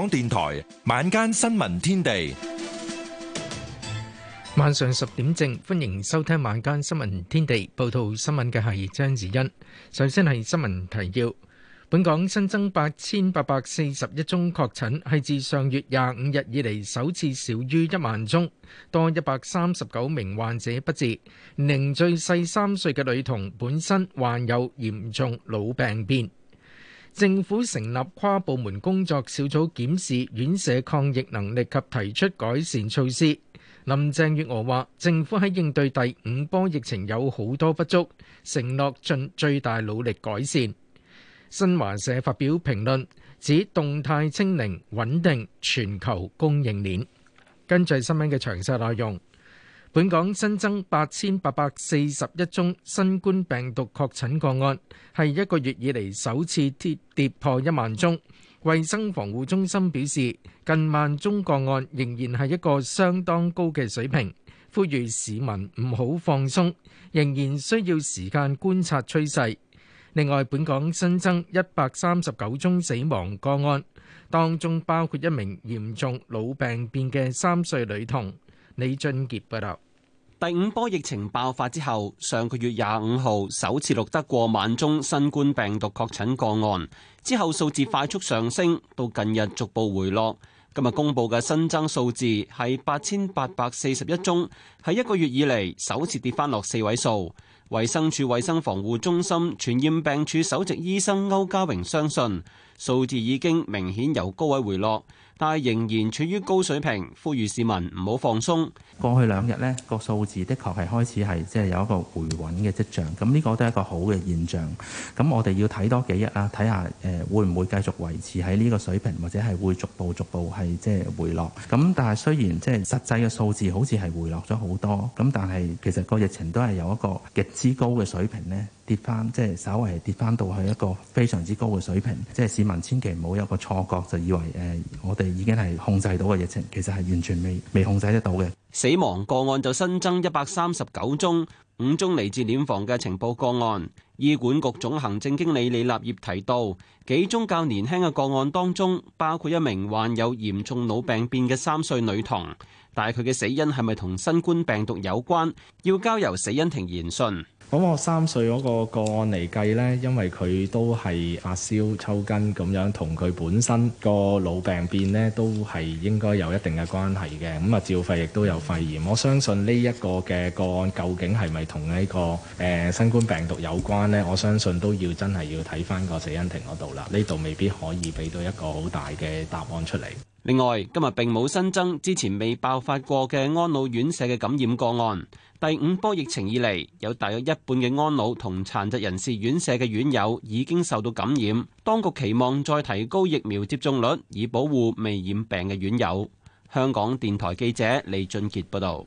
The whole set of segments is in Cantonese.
港電台晚間新聞天地，晚上十點正，歡迎收聽晚間新聞天地。報道新聞嘅係張子欣。首先係新聞提要：本港新增八千八百四十一宗確診，係自上月廿五日以嚟首次少於一萬宗，多一百三十九名患者不治。年最細三歲嘅女童本身患有嚴重腦病變。政府成立跨部門工作小組檢視院舍抗疫能力及提出改善措施。林鄭月娥話：政府喺應對第五波疫情有好多不足，承諾盡最大努力改善。新華社發表評論指：動態清零穩定全球供應鏈。跟住係新聞嘅詳細內容。本港新增八千八百四十一宗新冠病毒確診個案，係一個月以嚟首次跌跌破一萬宗。衛生防護中心表示，近萬宗個案仍然係一個相當高嘅水平，呼籲市民唔好放鬆，仍然需要時間觀察趨勢。另外，本港新增一百三十九宗死亡個案，當中包括一名嚴重腦病變嘅三歲女童。李俊傑報道：第五波疫情爆發之後，上個月廿五號首次錄得過萬宗新冠病毒確診個案，之後數字快速上升，到近日逐步回落。今日公布嘅新增數字係八千八百四十一宗，係一個月以嚟首次跌翻落四位數。衛生署衛生防護中心傳染病處首席醫生歐家榮相信，數字已經明顯由高位回落。但仍然處於高水平，呼籲市民唔好放鬆。過去兩日咧個數字的確係開始係即係有一個回穩嘅跡象，咁呢個都係一個好嘅現象。咁我哋要睇多幾日啦，睇下誒會唔會繼續維持喺呢個水平，或者係會逐步逐步係即係回落。咁但係雖然即係實際嘅數字好似係回落咗好多，咁但係其實個疫情都係有一個極之高嘅水平咧，跌翻即係稍為跌翻到去一個非常之高嘅水平。即係市民千祈唔好有個錯覺，就以為誒我哋。已經係控制到嘅疫情，其實係完全未未控制得到嘅。死亡個案就新增一百三十九宗，五宗嚟自殮房嘅情報個案。醫管局總行政經理李立業提到，幾宗較年輕嘅個案當中，包括一名患有嚴重腦病變嘅三歲女童，但係佢嘅死因係咪同新冠病毒有關，要交由死因庭研訊。咁我三歲嗰個個案嚟計呢，因為佢都係發燒抽筋咁樣，同佢本身個腦病變呢，都係應該有一定嘅關係嘅。咁啊，照肺亦都有肺炎，我相信呢一個嘅個案究竟係咪同呢個誒、呃、新冠病毒有關呢？我相信都要真係要睇翻個死因庭嗰度啦。呢度未必可以俾到一個好大嘅答案出嚟。另外，今日並冇新增之前未爆發過嘅安老院舍嘅感染個案。第五波疫情以嚟，有大約一半嘅安老同殘疾人士院舍嘅院友已經受到感染。當局期望再提高疫苗接種率，以保護未染病嘅院友。香港電台記者李俊傑報導。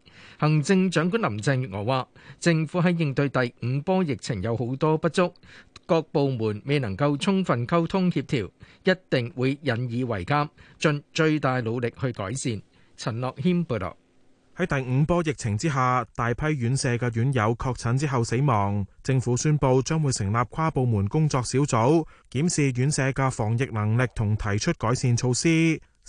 行政長官林鄭月娥話：政府喺應對第五波疫情有好多不足，各部門未能夠充分溝通協調，一定會引以為鑑，盡最大努力去改善。陳諾謙報導。喺第五波疫情之下，大批院舍嘅院友確診之後死亡，政府宣布將會成立跨部門工作小組，檢視院舍嘅防疫能力同提出改善措施。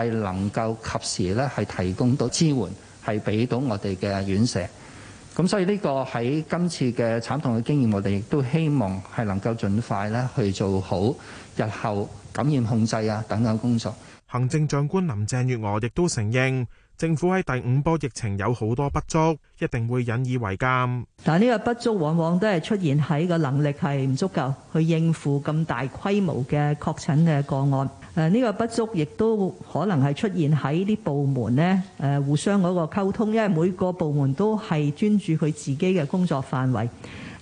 係能夠及時咧，係提供到支援，係俾到我哋嘅院舍。咁所以呢個喺今次嘅慘痛嘅經驗，我哋亦都希望係能夠儘快咧去做好日後感染控制啊等等工作。行政長官林鄭月娥亦都承認，政府喺第五波疫情有好多不足，一定會引以為鑑。但呢個不足往往都係出現喺個能力係唔足夠去應付咁大規模嘅確診嘅個案。誒呢個不足，亦都可能係出現喺啲部門咧，誒、呃、互相嗰個溝通，因為每個部門都係專注佢自己嘅工作範圍，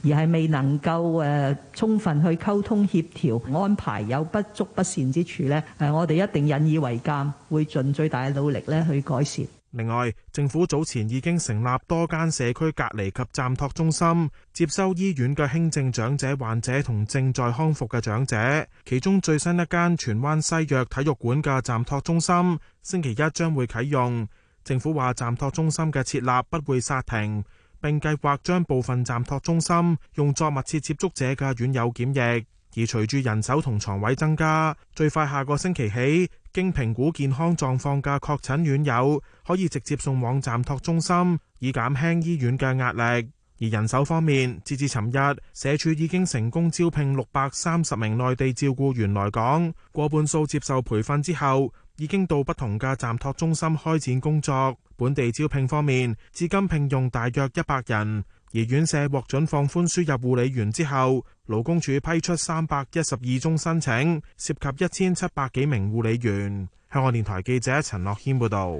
而係未能夠誒、呃、充分去溝通協調安排，有不足不善之處呢誒、呃，我哋一定引以為鑒，會盡最大嘅努力咧去改善。另外，政府早前已經成立多間社區隔離及暫托中心，接收醫院嘅輕症長者患者同正在康復嘅長者。其中最新一間荃灣西約體育館嘅暫托中心，星期一將會啟用。政府話暫托中心嘅設立不會煞停，並計劃將部分暫托中心用作密切接觸者嘅院友檢疫。而隨住人手同床位增加，最快下個星期起，經評估健康狀況嘅確診院友可以直接送往暫託中心，以減輕醫院嘅壓力。而人手方面，截至尋日，社署已經成功招聘六百三十名內地照顧員來港，過半數接受培訓之後，已經到不同嘅暫託中心開展工作。本地招聘方面，至今聘用大約一百人。而院舍獲准放寬輸入護理員之後，勞工處批出三百一十二宗申請，涉及一千七百幾名護理員。香港電台記者陳樂謙報道。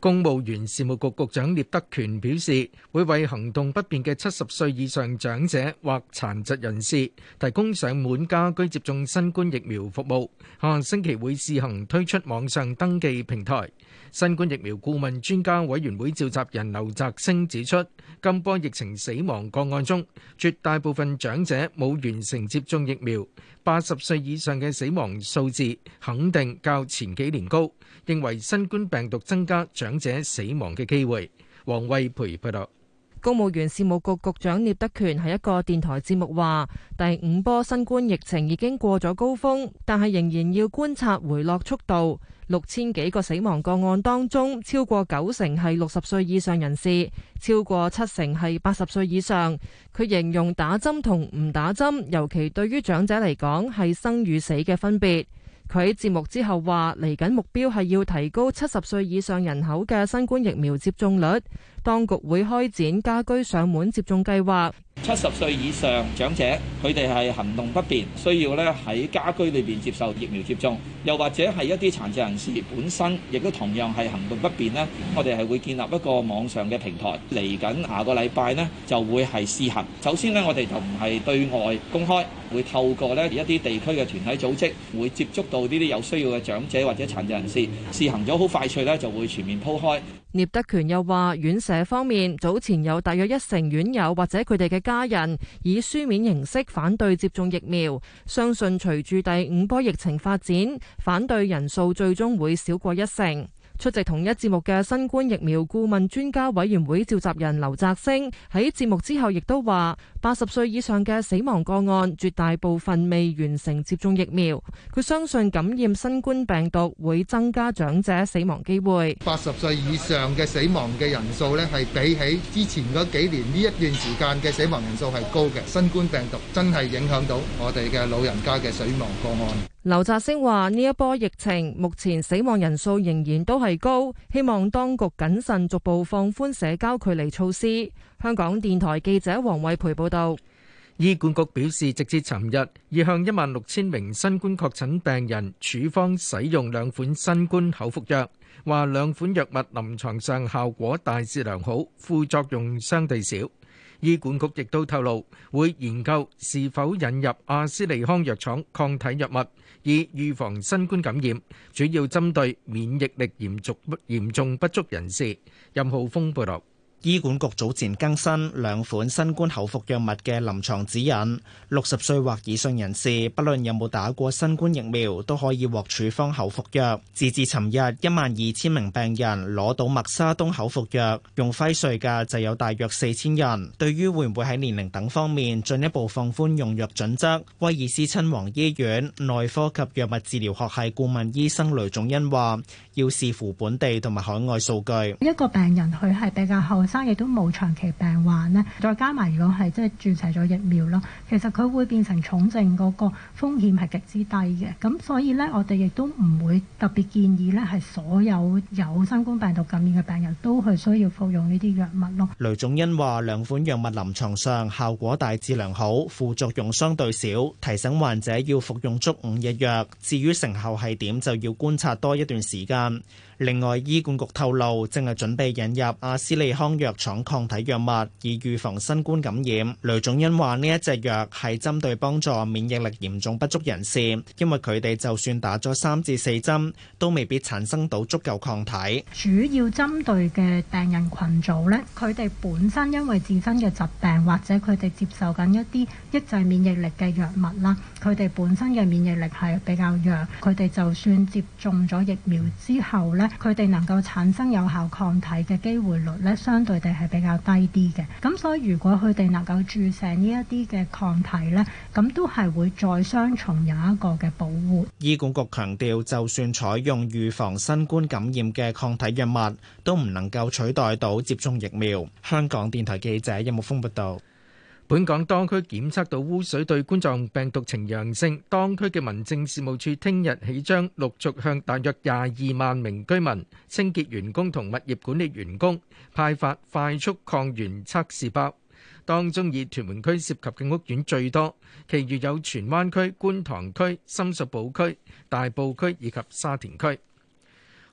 公務員事務局局局長聶德權表示，會為行動不便嘅七十歲以上長者或殘疾人士提供上門家居接種新冠疫苗服務。下星期會試行推出網上登記平台。新冠疫苗顧問專家委員會召集人劉澤星指出，今波疫情死亡個案中，絕大部分長者冇完成接種疫苗，八十歲以上嘅死亡數字肯定較前幾年高，認為新冠病毒增加長者死亡嘅機會。王惠培報道，公務員事務局局長聶德權喺一個電台節目話：第五波新冠疫情已經過咗高峰，但係仍然要觀察回落速度。六千幾個死亡個案當中，超過九成係六十歲以上人士，超過七成係八十歲以上。佢形容打針同唔打針，尤其對於長者嚟講，係生與死嘅分別。佢喺節目之後話：嚟緊目標係要提高七十歲以上人口嘅新冠疫苗接種率，當局會開展家居上門接種計劃。七十歲以上長者，佢哋係行動不便，需要咧喺家居裏邊接受疫苗接種，又或者係一啲殘疾人士本身亦都同樣係行動不便呢，我哋係會建立一個網上嘅平台，嚟緊下，下個禮拜呢就會係試行。首先呢，我哋就唔係對外公開，會透過呢一啲地區嘅團體組織，會接觸到呢啲有需要嘅長者或者殘疾人士。試行咗好快脆咧，就會全面鋪開。聶德權又話，院舍方面早前有大約一成院友或者佢哋嘅家人以書面形式反對接種疫苗，相信隨住第五波疫情發展，反對人數最終會少過一成。出席同一節目嘅新冠疫苗顧問專家委員會召集人劉澤星喺節目之後亦都話。八十歲以上嘅死亡個案，絕大部分未完成接種疫苗。佢相信感染新冠病毒會增加長者死亡機會。八十歲以上嘅死亡嘅人數呢，係比起之前嗰幾年呢一段時間嘅死亡人數係高嘅。新冠病毒真係影響到我哋嘅老人家嘅死亡個案。劉澤星話：呢一波疫情目前死亡人數仍然都係高，希望當局謹慎逐步放寬社交距離措施。香港電台記者王慧培報道，醫管局表示，直至尋日已向一萬六千名新冠確診病人處方使用兩款新冠口服藥，話兩款藥物臨床上效果大致良好，副作用相對少。醫管局亦都透露，會研究是否引入阿斯利康藥廠抗體藥物以預防新冠感染，主要針對免疫力嚴重嚴重不足人士。任浩峰報道。醫管局早前更新兩款新冠口服藥物嘅臨床指引，六十歲或以上人士，不論有冇打過新冠疫苗，都可以獲處方口服藥。截至尋日，一萬二千名病人攞到默沙東口服藥，用輝瑞嘅就有大約四千人。對於會唔會喺年齡等方面進一步放寬用藥準則，威爾斯親王醫院內科及藥物治療學系顧問醫生雷仲恩話：要視乎本地同埋海外數據。一個病人佢係比較後生。生亦都冇長期病患咧，再加埋如果係即係注射咗疫苗咯，其實佢會變成重症嗰個風險係極之低嘅。咁所以咧，我哋亦都唔會特別建議咧，係所有有新冠病毒感染嘅病人都係需要服用呢啲藥物咯。雷仲恩話：兩款藥物臨床上效果大致良好，副作用相對少，提醒患者要服用足五日藥。至於成效係點，就要觀察多一段時間。另外，醫管局透露正係準備引入阿斯利康藥廠抗體藥物以預防新冠感染。雷仲恩話：呢一隻藥係針對幫助免疫力嚴重不足人士，因為佢哋就算打咗三至四針，都未必產生到足夠抗體。主要針對嘅病人群組咧，佢哋本身因為自身嘅疾病或者佢哋接受緊一啲抑制免疫力嘅藥物啦，佢哋本身嘅免疫力係比較弱，佢哋就算接種咗疫苗之後咧。佢哋能夠產生有效抗體嘅機會率呢，相對地係比較低啲嘅。咁所以如果佢哋能夠注射呢一啲嘅抗體呢，咁都係會再雙重有一個嘅保護。醫管局強調，就算採用預防新冠感染嘅抗體藥物，都唔能夠取代到接種疫苗。香港電台記者任木峯報道。本港當區檢測到污水對冠狀病毒呈陽性，當區嘅民政事務處聽日起將陸續向大約廿二萬名居民、清潔員工同物業管理員工派發快速抗原測試包，當中以屯門區涉及嘅屋苑最多，其餘有荃灣區、觀塘區、深水埗區、大埔區以及沙田區。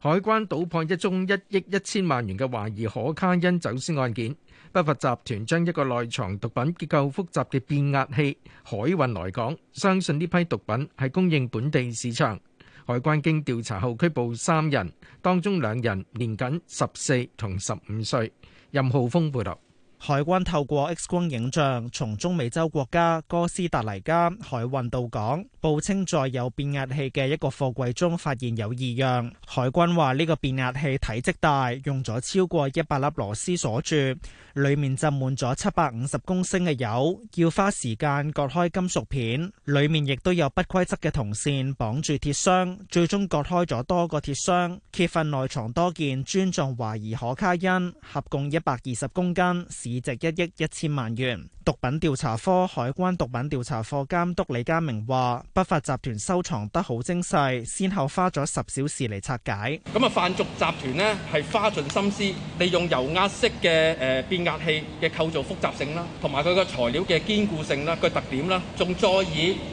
海關搗破一宗一億一千萬元嘅懷疑可卡因走私案件，不法集團將一個內藏毒品結構複雜嘅變壓器海運來港，相信呢批毒品係供應本地市場。海關經調查後拘捕三人，當中兩人年僅十四同十五歲。任浩峰報道。海關透過 X 光影像，從中美洲國家哥斯達黎加海運到港，報稱在有變壓器嘅一個貨櫃中發現有異樣。海關話呢個變壓器體積大，用咗超過一百粒螺絲鎖住，裡面浸滿咗七百五十公升嘅油，要花時間割開金屬片。裡面亦都有不規則嘅銅線綁住鐵箱，最終割開咗多個鐵箱，揭發內藏多件尊重懷疑可卡因，合共一百二十公斤。市值一億一千萬元。毒品調查科海關毒品調查課監督李家明話：不法集團收藏得好精細，先後花咗十小時嚟拆解。咁啊，販毒集團呢係花盡心思，利用油壓式嘅誒、呃、變壓器嘅構造複雜性啦，同埋佢個材料嘅堅固性啦、個特點啦，仲再以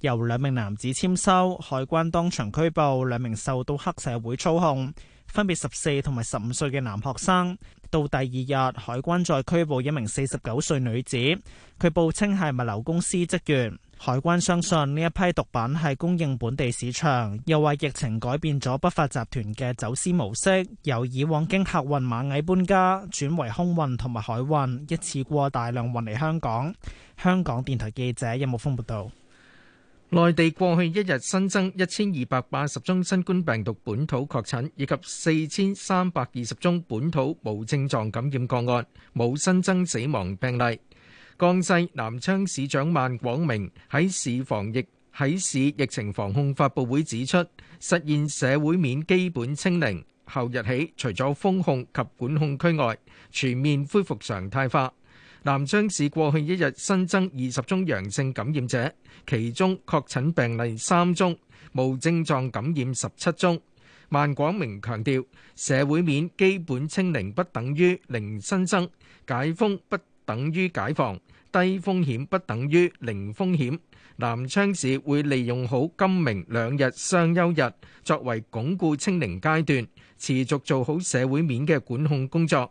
由兩名男子簽收，海關當場拘捕兩名受到黑社會操控，分別十四同埋十五歲嘅男學生。到第二日，海關再拘捕一名四十九歲女子，佢報稱係物流公司職員。海關相信呢一批毒品係供應本地市場，又話疫情改變咗不法集團嘅走私模式，由以往經客運螞蟻搬家轉為空運同埋海運，一次過大量運嚟香港。香港電台記者任木峰報道。內地過去一日新增一千二百八十宗新冠病毒本土確診，以及四千三百二十宗本土無症狀感染個案，冇新增死亡病例。江西南昌市長萬廣明喺市防疫、喺市疫情防控發布會指出，實現社會面基本清零。後日起，除咗封控及管控區外，全面恢復常態化。南昌市過去一日新增二十宗陽性感染者，其中確診病例三宗，無症狀感染十七宗。萬廣明強調，社會面基本清零不等於零新增，解封不等於解放，低風險不等於零風險。南昌市會利用好今明兩日雙休日，作為鞏固清零階段，持續做好社會面嘅管控工作。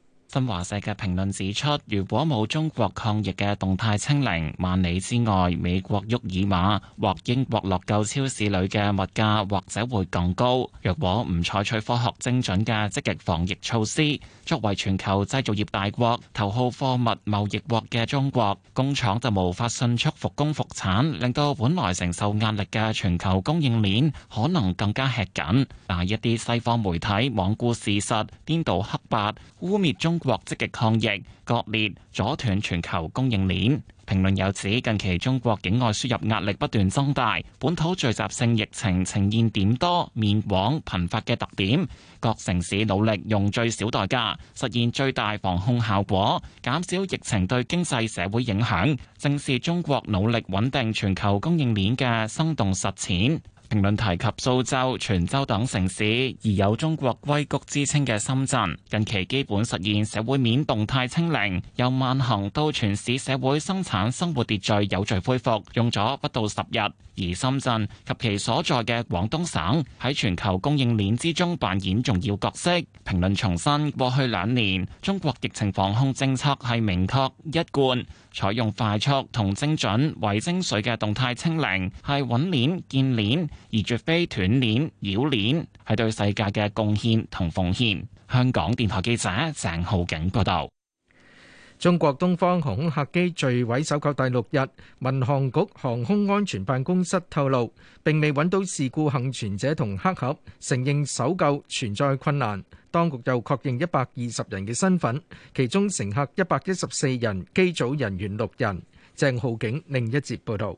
新華社嘅評論指出，如果冇中國抗疫嘅動態清零，萬里之外美國沃爾瑪或英國樂購超市裏嘅物價或者會更高。若果唔採取科學精準嘅積極防疫措施，作為全球製造業大國、頭號貨物貿易國嘅中國，工廠就無法迅速復工復產，令到本來承受壓力嘅全球供應鏈可能更加吃緊。但係一啲西方媒體罔顧事實、顛倒黑白、污蔑中。國積極抗疫，割裂阻斷全球供應鏈。評論有指，近期中國境外輸入壓力不斷增大，本土聚集性疫情呈現點多面廣、頻發嘅特點。各城市努力用最少代價實現最大防控效果，減少疫情對經濟社會影響，正是中國努力穩定全球供應鏈嘅生動實踐。評論提及蘇州、泉州等城市，而有中國硅谷之稱嘅深圳，近期基本實現社會面動態清零，由慢行到全市社會生產生活秩序有序恢復，用咗不到十日。而深圳及其所在嘅廣東省喺全球供應鏈之中扮演重要角色。評論重申，過去兩年中國疫情防控政策係明確一貫，採用快速同精準、為精髓嘅動態清零係穩鏈建鏈，而絕非斷鏈繞鏈，係對世界嘅貢獻同奉獻。香港電台記者鄭浩景報道。中國東方航空客機墜毀搜救第六日，民航局航空安全辦公室透露，並未揾到事故倖存者同黑盒，承認搜救存在困難。當局又確認一百二十人嘅身份，其中乘客一百一十四人，機組人員六人。鄭浩景另一節報道。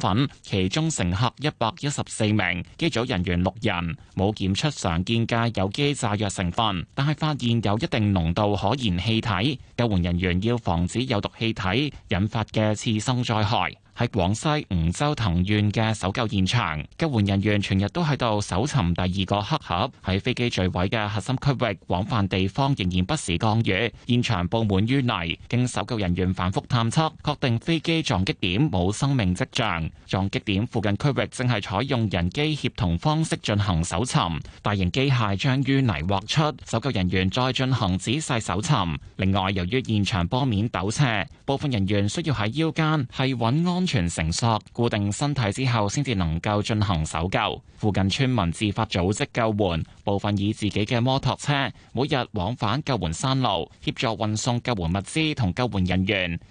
份其中乘客一百一十四名，機組人員六人，冇檢出常見嘅有機炸藥成分，但係發現有一定濃度可燃氣體，救援人員要防止有毒氣體引發嘅次生災害。喺廣西梧州藤縣嘅搜救現場，救援人員全日都喺度搜尋第二個黑盒。喺飛機墜毀嘅核心區域，廣泛地方仍然不時降雨，現場布滿淤泥。經搜救人員反復探測，確定飛機撞擊點冇生命跡象。撞擊點附近區域正係採用人機協同方式進行搜尋，大型機械將淤泥挖出，搜救人員再進行仔細搜尋。另外，由於現場坡面陡斜。部分人員需要喺腰間係揾安全繩索固定身體之後，先至能夠進行搜救。附近村民自發組織救援，部分以自己嘅摩托車每日往返救援山路，協助運送救援物資同救援人員。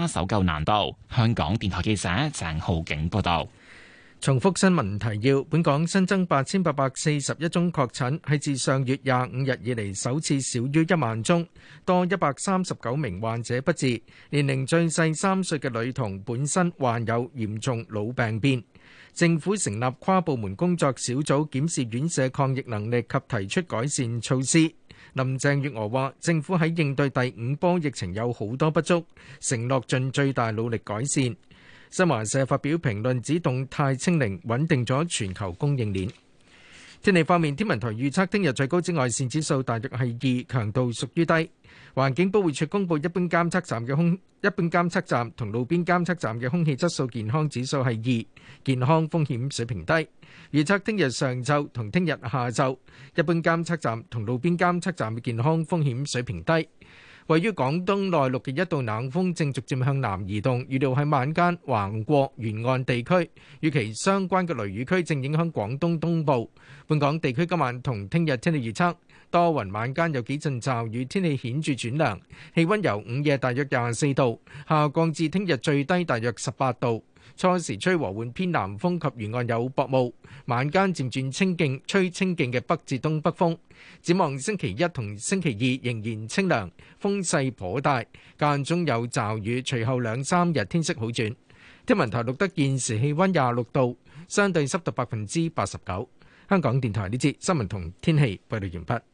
加搜救難度。香港電台記者鄭浩景報道。重複新聞提要，本港新增八千八百四十一宗確診，係自上月廿五日以嚟，首次少於一萬宗，多一百三十九名患者不治。年齡最細三歲嘅女童本身患有嚴重腦病變。政府成立跨部門工作小組檢視院舍抗疫能力及提出改善措施。林鄭月娥話：政府喺應對第五波疫情有好多不足，承諾盡最大努力改善。新華社發表評論指，動態清零穩定咗全球供應鏈。天氣方面，天文台預測聽日最高紫外線指數大約係二，強度屬於低。環境保護署公布一般監測站嘅空一般監測站同路邊監測站嘅空氣質素健康指數係二，健康風險水平低。預測聽日上晝同聽日下晝一般監測站同路邊監測站嘅健康風險水平低。位於廣東內陸嘅一道冷鋒正逐漸向南移動，預料喺晚間橫過沿岸地區，與其相關嘅雷雨區正影響廣東東部。本港地區今晚同聽日天氣預測。多雲，晚間有幾陣驟雨，天氣顯著轉涼，氣溫由午夜大約廿四度下降至聽日最低大約十八度。初時吹和緩偏南風及沿岸有薄霧，晚間漸轉清勁吹清勁嘅北至東北風。展望星期一同星期二仍然清涼，風勢頗大，間中有驟雨，隨後兩三日天色好轉。天文台錄得現時氣溫廿六度，相對濕度百分之八十九。香港電台呢節新聞同天氣報告完畢。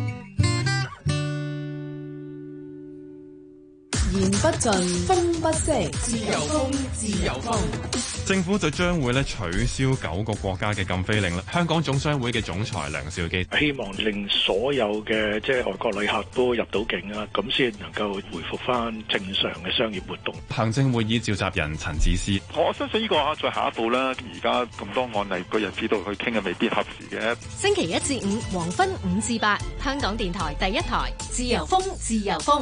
言不盡，風不息，自由風，自由風。政府就將會咧取消九個國家嘅禁飛令啦。香港總商會嘅總裁梁兆基希望令所有嘅即係外國旅客都入到境啦，咁先能夠恢復返正常嘅商業活動。行政會議召集人陳智思，我相信呢個喺再下一步啦。而家咁多案例，個人知道去傾嘅未必合時嘅。星期一至五，黃昏五至八，香港電台第一台，自由風，自由風。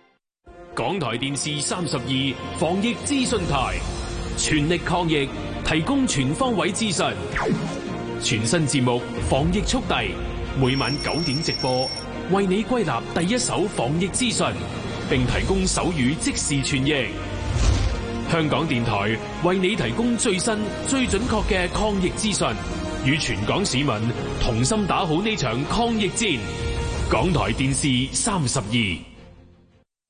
港台電視三十二防疫資訊台，全力抗疫，提供全方位資訊。全新節目防疫速遞，每晚九點直播，為你歸納第一手防疫資訊，並提供手語即時傳譯。香港電台為你提供最新、最準確嘅抗疫資訊，與全港市民同心打好呢場抗疫戰。港台電視三十二。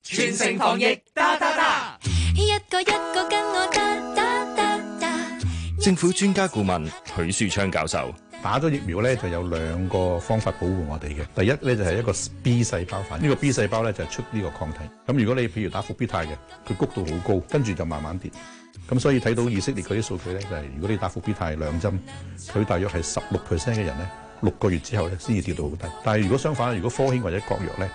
全城防疫，打打打！一個一個跟我打打打打。政府專家顧問許樹昌教授，打咗疫苗咧就有兩個方法保護我哋嘅。第一咧就係一個 B 細胞反應，呢個 B 細胞咧就係出呢個抗體。咁如果你譬如打復必泰嘅，佢谷度好高，跟住就慢慢跌。咁所以睇到以色列嗰啲數據咧，就係如果你打復必泰係兩針，佢大約係十六 percent 嘅人咧，六個月之後咧先至跌到好低。但係如果相反，如果科興或者國藥咧，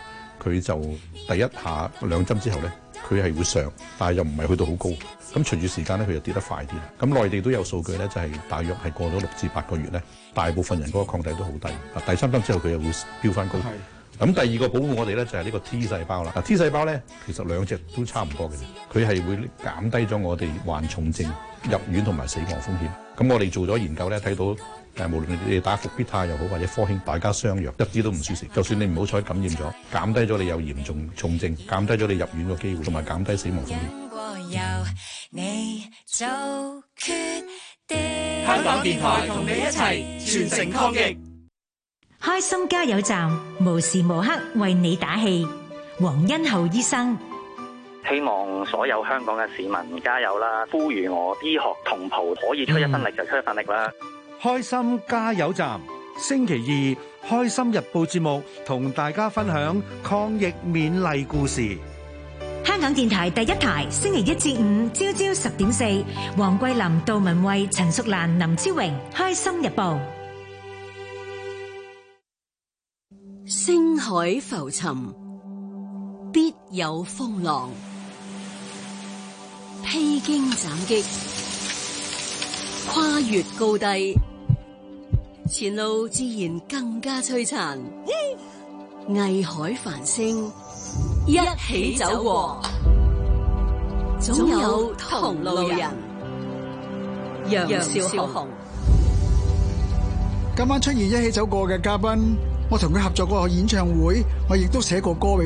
佢就第一下兩針之後咧，佢係會上，但係又唔係去到好高。咁隨住時間咧，佢又跌得快啲。咁內地都有數據咧，就係大約係過咗六至八個月咧，大部分人嗰個抗體都好低。啊，第三針之後佢又會飆翻高。咁的第二個保護我哋咧就係呢個 T 細胞啦。啊，T 細胞咧其實兩隻都差唔多嘅啫。佢係會減低咗我哋患重症、入院同埋死亡風險。咁我哋做咗研究咧，睇到。但係無論你哋打伏必泰又好，或者科興，大家相約一啲都唔舒適。就算你唔好彩感染咗，減低咗你有嚴重重症，減低咗你入院嘅機會，同埋減低死亡風險。香港電台同你一齊全城抗疫，開心加油站無時無刻為你打氣。黃恩浩醫生，希望所有香港嘅市民加油啦！呼籲我醫學同袍可以出一份力就出一份力啦！開心加油站，星期二開心日報節目同大家分享抗疫勉勵故事。香港電台第一台，星期一至五朝朝十點四，黃桂林、杜文慧、陳淑蘭、林超榮，開心日報。星海浮沉，必有風浪；披荊斬棘，跨越高低。前路自然更加璀璨，藝海繁星一起走過，總有同路人。楊少紅。今晚出現一起走過嘅嘉賓，我同佢合作過演唱會，我亦都寫過歌俾佢。